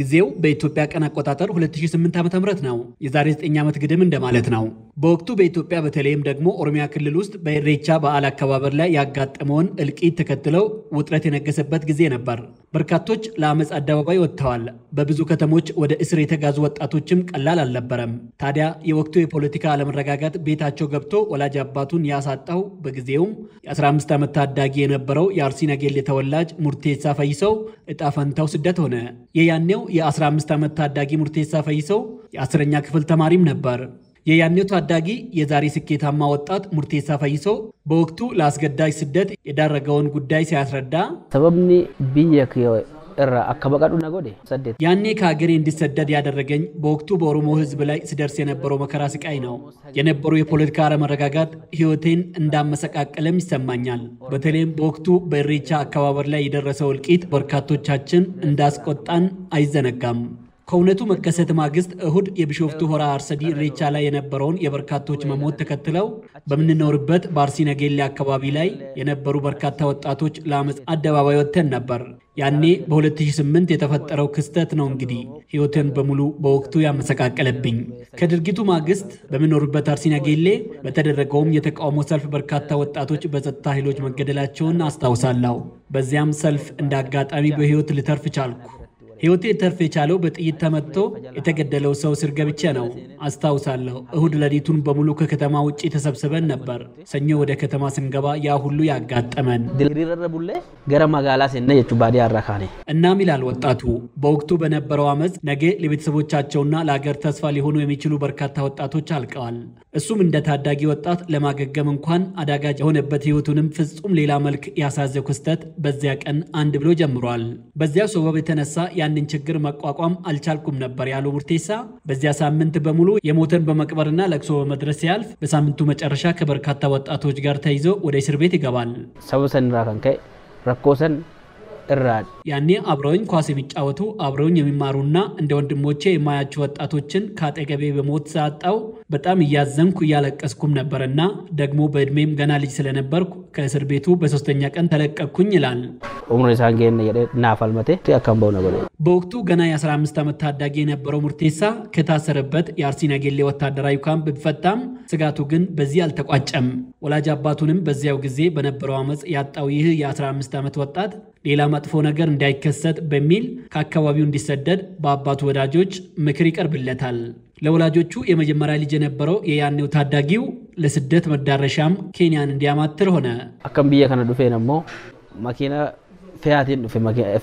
ጊዜው በኢትዮጵያ ቀን አቆጣጠር 2008 ዓ.ም ነው። የዛሬ 9 ዓመት ግድም እንደማለት ነው። በወቅቱ በኢትዮጵያ በተለይም ደግሞ ኦሮሚያ ክልል ውስጥ በኢሬቻ በዓል አከባበር ላይ ያጋጠመውን እልቂት ተከትለው ውጥረት የነገሰበት ጊዜ ነበር። በርካቶች ለአመፅ አደባባይ ወጥተዋል። በብዙ ከተሞች ወደ እስር የተጋዙ ወጣቶችም ቀላል አልነበረም። ታዲያ የወቅቱ የፖለቲካ አለመረጋጋት ቤታቸው ገብቶ ወላጅ አባቱን ያሳጣው በጊዜውም የ15 ዓመት ታዳጊ የነበረው የአርሲ ነገሌ ተወላጅ ሙርቴሳ ፈይሰው እጣ ፈንታው ስደት ሆነ። የያኔው የ15 ዓመት ታዳጊ ሙርቴሳ ፈይሰው የአስረኛ ክፍል ተማሪም ነበር። የያኔው ታዳጊ የዛሬ ስኬታማ ወጣት ሙርቴሳ ፈይሶ በወቅቱ ለአስገዳጅ ስደት የዳረገውን ጉዳይ ሲያስረዳ ሰበብኒ ብየክ ያኔ ከሀገሬ እንዲሰደድ ያደረገኝ በወቅቱ በኦሮሞ ሕዝብ ላይ ስደርስ የነበረው መከራ ስቃይ ነው። የነበረው የፖለቲካ አለመረጋጋት ሕይወቴን እንዳመሰቃቀለም ይሰማኛል። በተለይም በወቅቱ በእሬቻ አከባበር ላይ የደረሰው እልቂት በርካቶቻችን እንዳስቆጣን አይዘነጋም። ከእውነቱ መከሰት ማግስት እሁድ የቢሾፍቱ ሆራ አርሰዲ ሬቻ ላይ የነበረውን የበርካቶች መሞት ተከትለው በምንኖርበት በአርሲ ነገሌ አካባቢ ላይ የነበሩ በርካታ ወጣቶች ለአመፅ አደባባይ ወጥተን ነበር። ያኔ በ2008 የተፈጠረው ክስተት ነው እንግዲህ ህይወትን በሙሉ በወቅቱ ያመሰቃቀለብኝ። ከድርጊቱ ማግስት በምኖርበት አርሲ ነገሌ በተደረገውም የተቃውሞ ሰልፍ በርካታ ወጣቶች በጸጥታ ኃይሎች መገደላቸውን አስታውሳለሁ። በዚያም ሰልፍ እንደ አጋጣሚ በህይወት ልተርፍ ቻልኩ። ሕይወቴ ተርፍ የቻለው በጥይት ተመትቶ የተገደለው ሰው ስር ገብቼ ነው። አስታውሳለሁ። እሁድ ለሊቱን በሙሉ ከከተማ ውጭ ተሰብስበን ነበር። ሰኞ ወደ ከተማ ስንገባ ያ ሁሉ ያጋጠመን። እናም ይላል ወጣቱ፣ በወቅቱ በነበረው አመፅ ነገ ለቤተሰቦቻቸውና ለአገር ተስፋ ሊሆኑ የሚችሉ በርካታ ወጣቶች አልቀዋል። እሱም እንደ ታዳጊ ወጣት ለማገገም እንኳን አዳጋጅ የሆነበት ሕይወቱንም ፍጹም ሌላ መልክ ያሳዘው ክስተት በዚያ ቀን አንድ ብሎ ጀምሯል። በዚያ ሰበብ የተነሳ ያንን ችግር መቋቋም አልቻልኩም ነበር ያለው ቡርቴሳ በዚያ ሳምንት በሙሉ የሞተን በመቅበርና ለቅሶ በመድረስ ሲያልፍ በሳምንቱ መጨረሻ ከበርካታ ወጣቶች ጋር ተይዞ ወደ እስር ቤት ይገባል። ሰውሰን ራከንከ ረኮሰን እራል ያኔ አብረውኝ ኳስ የሚጫወቱ አብረውኝ የሚማሩና እንደ ወንድሞቼ የማያቸው ወጣቶችን ከአጠገቤ በሞት ሳጣው በጣም እያዘንኩ እያለቀስኩም ነበርና ደግሞ በእድሜም ገና ልጅ ስለነበርኩ ከእስር ቤቱ በሶስተኛ ቀን ተለቀቅኩኝ ይላል። ኡምሩን ኢሳን ጌነ የደ በወቅቱ ገና የ15 ዓመት ታዳጊ የነበረው ሙርቴሳ ከታሰረበት የአርሲ ነገሌ ወታደራዊ ካምፕ ቢፈታም ስጋቱ ግን በዚህ አልተቋጨም። ወላጅ አባቱንም በዚያው ጊዜ በነበረው ዓመፅ ያጣው ይህ የ15 ዓመት ወጣት ሌላ መጥፎ ነገር እንዳይከሰት በሚል ከአካባቢው እንዲሰደድ በአባቱ ወዳጆች ምክር ይቀርብለታል። ለወላጆቹ የመጀመሪያ ልጅ የነበረው የያኔው ታዳጊው ለስደት መዳረሻም ኬንያን እንዲያማትር ሆነ። አከም ብዬ ከነዱፌ ነሞ መኪና ፊያትን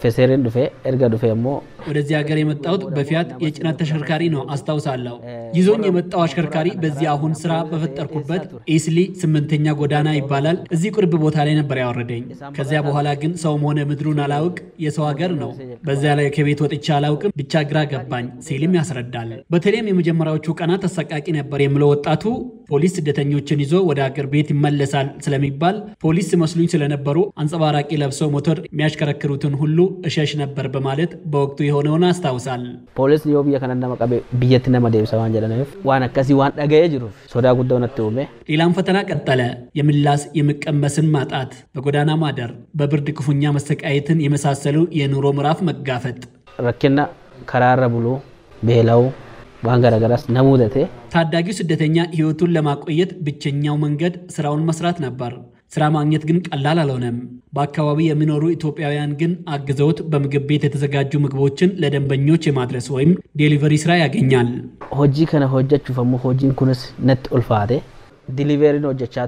ፌሴሬን dhuፌ erga dhuፌ ሞ ወደዚህ ሀገር የመጣሁት በፊያት የጭነት ተሽከርካሪ ነው አስታውሳለሁ። ይዞኝ የመጣው አሽከርካሪ በዚህ አሁን ስራ በፈጠርኩበት ኢስሊ ስምንተኛ ጎዳና ይባላል እዚህ ቁርብ ቦታ ላይ ነበር ያወረደኝ። ከዚያ በኋላ ግን ሰውም ሆነ ምድሩን አላውቅ የሰው ሀገር ነው። በዚያ ላይ ከቤት ወጥቼ አላውቅም ብቻ ግራ ገባኝ ሲልም ያስረዳል። በተለይም የመጀመሪያዎቹ ቀናት አሰቃቂ ነበር የምለው ወጣቱ ፖሊስ ስደተኞችን ይዞ ወደ ሀገር ቤት ይመለሳል ስለሚባል ፖሊስ መስሉኝ ስለነበሩ አንጸባራቂ ለብሰው ሞተር የሚያሽከረክሩትን ሁሉ እሸሽ ነበር በማለት በወቅቱ የሆነውን አስታውሳል። ፖሊስ ዮ ብየ ከነማ ቀቤ ብየት ነመ ደብሰማን ጀለነፍ ዋን አከሲ ዋን ደገየ ጅሩ ሶዳ ጉዳው ነት ውሜ ሌላም ፈተና ቀጠለ። የምላስ የምቀመስን ማጣት፣ በጎዳና ማደር፣ በብርድ ክፉኛ መሰቃየትን የመሳሰሉ የኑሮ ምዕራፍ መጋፈጥ ረኪና ከራረ ብሎ ቤላው ባንገረገራስ ነሙደቴ ታዳጊው ስደተኛ ህይወቱን ለማቆየት ብቸኛው መንገድ ስራውን መስራት ነበር። ስራ ማግኘት ግን ቀላል አልሆነም። በአካባቢ የሚኖሩ ኢትዮጵያውያን ግን አግዘውት በምግብ ቤት የተዘጋጁ ምግቦችን ለደንበኞች የማድረስ ወይም ዴሊቨሪ ስራ ያገኛል። ሆጂ ከነ ሆጀችፈሙ ሆጂን ኩንስ ነት ኡልፋቴ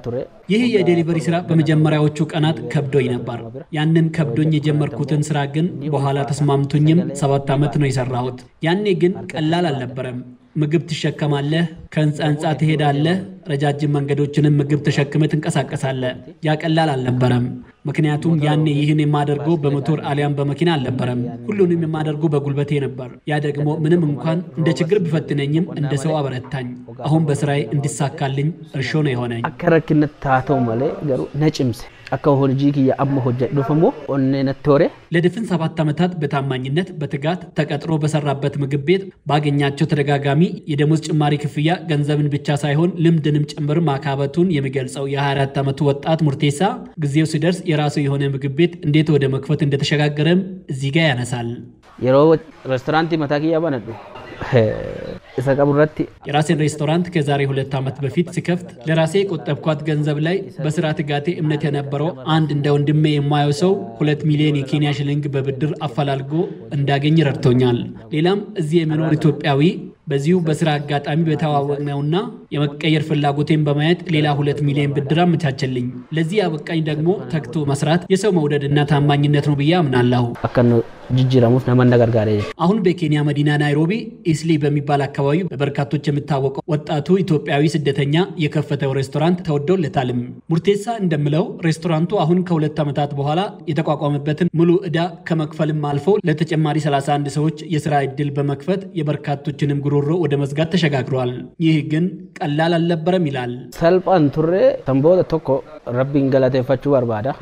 ቱሬ ይህ የዴሊቨሪ ስራ በመጀመሪያዎቹ ቀናት ከብዶኝ ነበር። ያንን ከብዶኝ የጀመርኩትን ስራ ግን በኋላ ተስማምቶኝም ሰባት ዓመት ነው የሰራሁት። ያኔ ግን ቀላል አልነበረም። ምግብ ትሸከማለህ፣ ከህንፃ ህንፃ ትሄዳለህ፣ ረጃጅም መንገዶችንም ምግብ ተሸክመ ትንቀሳቀሳለህ። ያቀላል አልነበረም። ምክንያቱም ያኔ ይህን የማደርገው በሞቶር አሊያም በመኪና አልነበረም። ሁሉንም የማደርገው በጉልበቴ ነበር። ያ ደግሞ ምንም እንኳን እንደ ችግር ቢፈትነኝም እንደ ሰው አበረታኝ። አሁን በስራዬ እንዲሳካልኝ እርሾ ነው የሆነኝ። አከረክነት ታተው መለ ገሩ ነጭምሴ አካ ሆልጂ ኪያ አመ ሆጀዱ ኦነነቶሬ ለድፍን ሰባት ዓመታት በታማኝነት በትጋት ተቀጥሮ በሰራበት ምግብ ቤት ባገኛቸው ተደጋጋሚ የደሞዝ ጭማሪ ክፍያ ገንዘብን ብቻ ሳይሆን ልምድንም ጭምር ማካበቱን የሚገልጸው የ24 ዓመቱ ወጣት ሙርቴሳ ጊዜው ሲደርስ የራሱ የሆነ ምግብ ቤት እንዴት ወደ መክፈት እንደተሸጋገረም እዚህ ጋር ያነሳል። የሮ ሬስቶራንት መታኪያ ባነዱ የራሴን ሬስቶራንት ከዛሬ ሁለት ዓመት በፊት ስከፍት ለራሴ የቆጠብኳት ገንዘብ ላይ በስራ ትጋቴ እምነት የነበረው አንድ እንደ ወንድሜ የማየው ሰው ሁለት ሚሊዮን የኬንያ ሽልንግ በብድር አፈላልጎ እንዳገኝ ረድቶኛል። ሌላም እዚህ የሚኖር ኢትዮጵያዊ በዚሁ በስራ አጋጣሚ በተዋወቅነውና የመቀየር ፍላጎቴን በማየት ሌላ ሁለት ሚሊዮን ብድር አመቻቸልኝ። ለዚህ አበቃኝ ደግሞ ተግቶ መስራት የሰው መውደድና ታማኝነት ነው ብዬ አምናለሁ። አሁን በኬንያ መዲና ናይሮቢ ኢስሊ በሚባል አካባቢ አካባቢ በበርካቶች የሚታወቀው ወጣቱ ኢትዮጵያዊ ስደተኛ የከፈተው ሬስቶራንት ተወዶለታልም። ሙርቴሳ እንደምለው ሬስቶራንቱ አሁን ከሁለት ዓመታት በኋላ የተቋቋመበትን ሙሉ ዕዳ ከመክፈልም አልፎ ለተጨማሪ 31 ሰዎች የስራ ዕድል በመክፈት የበርካቶችንም ጉሮሮ ወደ መዝጋት ተሸጋግሯል። ይህ ግን ቀላል አልነበረም ይላል። ሰልጳን ቱሬ ተንቦተ ቶኮ ረቢን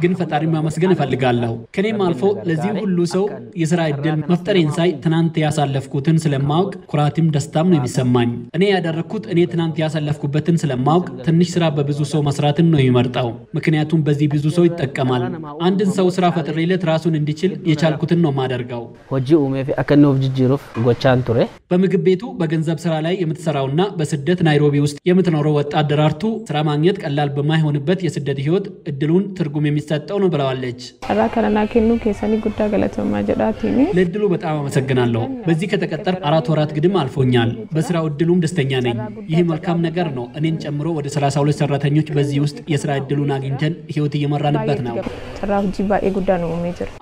ግን ፈጣሪ ማመስገን እፈልጋለሁ። ከኔም አልፎ ለዚህ ሁሉ ሰው የስራ ዕድል መፍጠሬን ሳይ ትናንት ያሳለፍኩትን ስለማወቅ ኩራትም ደስታም ነው የሚሰማኝ። እኔ ያደረግኩት እኔ ትናንት ያሳለፍኩበትን ስለማወቅ ትንሽ ስራ በብዙ ሰው መስራትን ነው የሚመርጠው። ምክንያቱም በዚህ ብዙ ሰው ይጠቀማል። አንድን ሰው ስራ ፈጥሬለት ራሱን እንዲችል የቻልኩትን ነው ማደርገው። በምግብ ቤቱ በገንዘብ ስራ ላይ የምትሰራውና በስደት ናይሮቢ ውስጥ የምትኖረው ወጣት ደራርቱ ስራ ማግኘት ቀላል በማይሆንበት የስደት ህይወት እድሉን ትርጉም የሚሰጠው ነው ብለዋለች። ለእድሉ በጣም አመሰግናለሁ። በዚህ ከተቀጠር አራት ወራት ግድም አልፎኛል። በስራው እድሉም ደስተኛ ነኝ። ይህ መልካም ነገር ነው። እኔን ጨምሮ ወደ 32 ሰራተኞች በዚህ ውስጥ የስራ እድሉን አግኝተን ህይወት እየመራንበት ነው።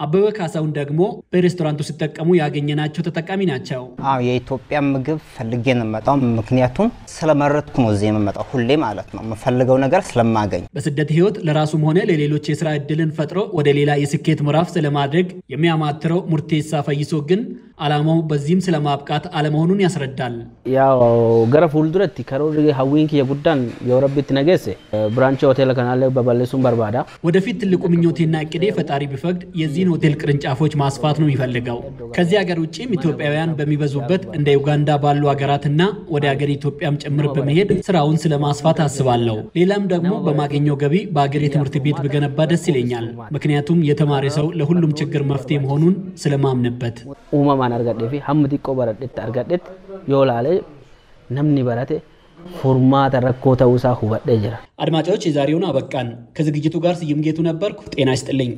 አበበ ካሳውን ደግሞ በሬስቶራንቱ ሲጠቀሙ ያገኘናቸው ተጠቃሚ ናቸው። የኢትዮጵያ ምግብ ፈልጌ ነው የምመጣው። ምክንያቱም ስለመረጥኩ ነው እዚህ የምመጣው ሁሌ ማለት ነው የምፈልገው ነገር ስለማገኝ። በስደት ህይወት ለራሱም ሆነ ለሌሎች የስራ እድልን ፈጥሮ ወደ ሌላ የስኬት ምዕራፍ ስለማድረግ የሚያማትረው ሙርቴሳ ፈይሶ ግን አላማው በዚህም ስለማብቃት አለመሆኑን ያስረዳል። ያው ገረ ፉልዱረቲ ከሮር ሀዊንክ የጉዳን የወረቢት ነገስ ብራንች ሆቴል ከናለ በባለሱን በርባዳ ወደፊት ትልቁ ምኞቴና እቅዴ ፈጣሪ ቢፈቅድ የዚህን ሆቴል ቅርንጫፎች ማስፋት ነው የሚፈልገው። ከዚህ ሀገር ውጭም ኢትዮጵያውያን በሚበዙበት እንደ ዩጋንዳ ባሉ ሀገራትና ወደ ሀገር ኢትዮጵያም ጭምር በመሄድ ስራውን ስለማስፋት አስባለሁ። ሌላም ደግሞ በማገኘው ገቢ በሀገሬ ትምህርት ቤት ብገነባ ደስ ይለኛል። ምክንያቱም የተማረ ሰው ለሁሉም ችግር መፍትሄ መሆኑን ስለማምንበት uumamaan argadhee fi hamma xiqqoo baradhetti argadhetti yoo laale namni barate furmaata rakkoo ta'uusaa hubadhee jira. አድማጮች፣ የዛሬውን Abaqqaan ከዝግጅቱ ጋር ስዩም ጌቱ ነበርኩ። ጤና ይስጥልኝ።